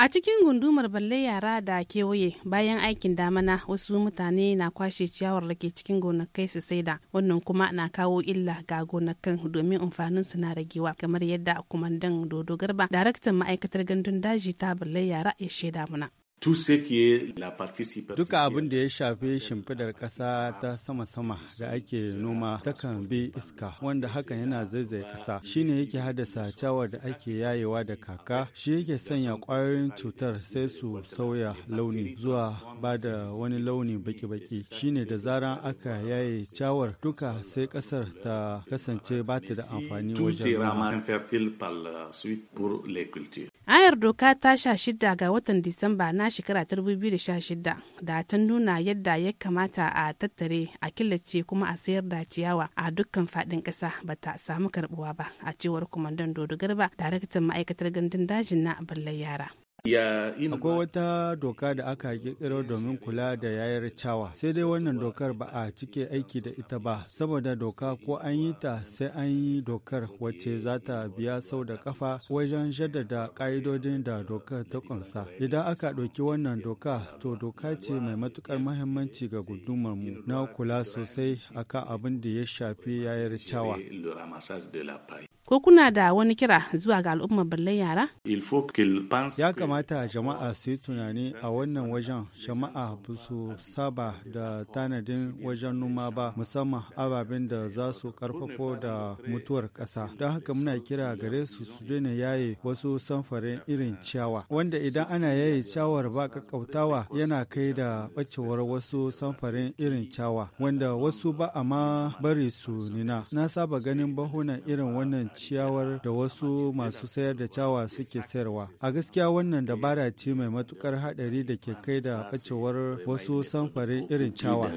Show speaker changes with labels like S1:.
S1: A cikin gundumar balle yara da kewaye bayan aikin damana wasu mutane na kwashe ciyawar da ke cikin gonakai su saida wannan kuma na kawo illa ga gonakan domin amfanin su na ragewa kamar yadda kumandan Dodo Garba daraktan ma'aikatar gandun daji ta balle yara ya shaida muna.
S2: Duka abin da ya shafi shimfidar ƙasa ta sama-sama da ake noma takan bi iska wanda hakan yana kasa ƙasa ne yake haddasa cawar da ake yayewa da kaka shi yake sanya ƙwayoyin cutar sai su sauya launi zuwa ba da wani launi baki-baki ne da zaran aka yaye cawar duka sai ƙasar ta kasance ba ta da amfani wajen.
S1: Ayar doka sha shida ga watan Disamba a shekara ta 2016 da ta nuna yadda ya kamata a tattare a killace kuma a sayar da ciyawa a dukkan fadin kasa ba ta samu karbuwa ba a cewar kwamandan dodo garba daraktan ma'aikatar gandun dajin na ballar yara
S2: Akwai wata doka da aka kirkiro domin kula da yayar cawa. Sai dai wannan dokar ba a cike aiki da ita ba, saboda doka ko an yi ta sai an yi dokar wacce za ta biya sau da kafa wajen jaddada ƙa'idodin da dokar ta ƙunsa. Idan aka ɗauki wannan doka, to doka ce mai matuƙar mahimmanci ga mu na kula sosai akan abin da ya shafi yayar cawa.
S1: ko kuna da wani kira zuwa ga al'ummar ballan yara?
S2: Ya kamata jama'a su yi tunani a wannan wajen jama'a ba su saba da tanadin wajen noma ba musamman ababen da za su karfafo da mutuwar ƙasa. Don haka muna kira gare su su daina yaye wasu samfarin irin ciyawa wanda idan ana yaye ciyawar ba kakkautawa yana kai da bacewar wasu samfarin irin ciyawa wanda wasu ba a ma bari su nina. Na saba ganin bahunan irin wannan ciyawar da wasu masu sayar da cawa suke sayarwa. A gaskiya wannan dabara ce mai matukar haɗari da ke kai da bacewar wasu samfarin irin ciyawa.